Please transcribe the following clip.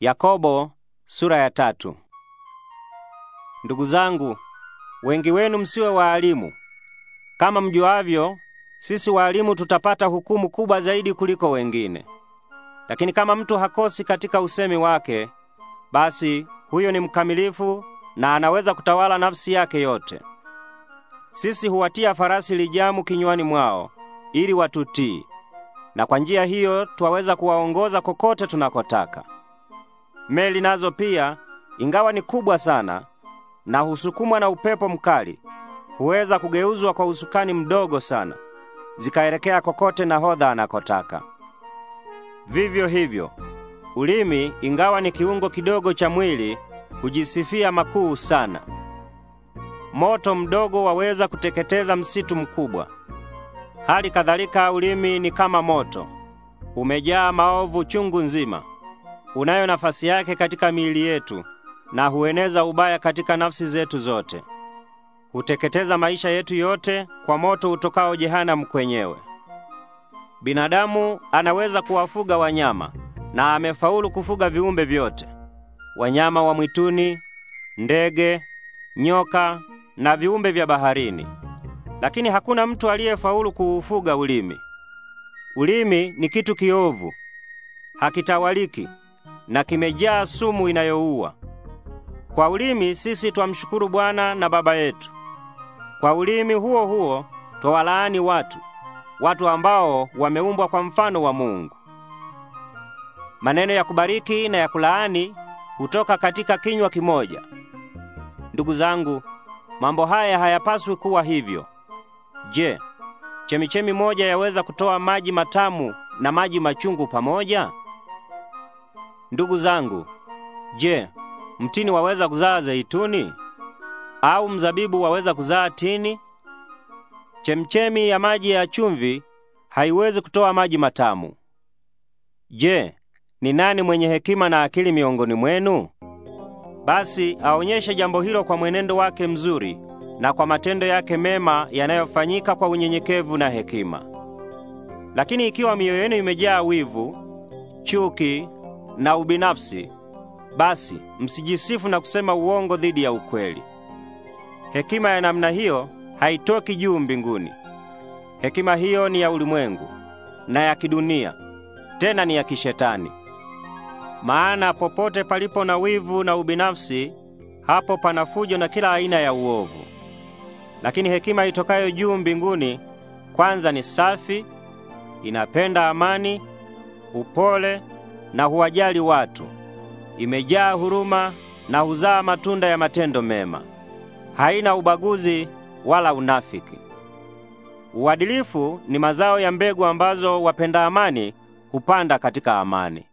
Yakobo sura ya tatu. Ndugu zangu, wengi wenu msiwe waalimu. Kama mjuavyo, sisi waalimu tutapata hukumu kubwa zaidi kuliko wengine. Lakini kama mtu hakosi katika usemi wake, basi huyo ni mkamilifu na anaweza kutawala nafsi yake yote. Sisi huwatia farasi lijamu kinywani mwao ili watutii, na kwa njia hiyo twaweza kuwaongoza kokote tunakotaka. Meli nazo pia ingawa ni kubwa sana na husukumwa na upepo mkali, huweza kugeuzwa kwa usukani mdogo sana, zikaelekea kokote nahodha anakotaka. Vivyo hivyo, ulimi ingawa ni kiungo kidogo cha mwili, hujisifia makuu sana. Moto mdogo waweza kuteketeza msitu mkubwa. Hali kadhalika ulimi ni kama moto, umejaa maovu chungu nzima unayo nafasi yake katika miili yetu na hueneza ubaya katika nafsi zetu zote. Huteketeza maisha yetu yote kwa moto utokao jehanamu kwenyewe. Binadamu anaweza kuwafuga wanyama na amefaulu kufuga viumbe vyote. Wanyama wa mwituni, ndege, nyoka na viumbe vya baharini. Lakini hakuna mtu aliyefaulu kuufuga ulimi. Ulimi ni kitu kiovu, hakitawaliki na kimejaa sumu inayoua. Kwa ulimi sisi twamshukuru Bwana na Baba yetu, kwa ulimi huo huo twawalaani watu, watu ambao wameumbwa kwa mfano wa Mungu. Maneno ya kubariki na ya kulaani hutoka katika kinywa kimoja. Ndugu zangu, mambo haya hayapaswi kuwa hivyo. Je, chemichemi moja yaweza kutoa maji matamu na maji machungu pamoja? Ndugu zangu, je, mtini waweza kuzaa zeituni? Au mzabibu waweza kuzaa tini? Chemchemi ya maji ya chumvi haiwezi kutoa maji matamu. Je, ni nani mwenye hekima na akili miongoni mwenu? Basi aonyeshe jambo hilo kwa mwenendo wake mzuri na kwa matendo yake mema yanayofanyika kwa unyenyekevu na hekima. Lakini ikiwa mioyo yenu imejaa wivu, chuki, na ubinafsi, basi msijisifu na kusema uongo dhidi ya ukweli. Hekima ya namna hiyo haitoki juu mbinguni. Hekima hiyo ni ya ulimwengu na ya kidunia, tena ni ya kishetani. Maana popote palipo na wivu na ubinafsi, hapo pana fujo na kila aina ya uovu. Lakini hekima itokayo juu mbinguni kwanza ni safi, inapenda amani, upole na huwajali watu, imejaa huruma na huzaa matunda ya matendo mema, haina ubaguzi wala unafiki. Uadilifu ni mazao ya mbegu ambazo wapenda amani hupanda katika amani.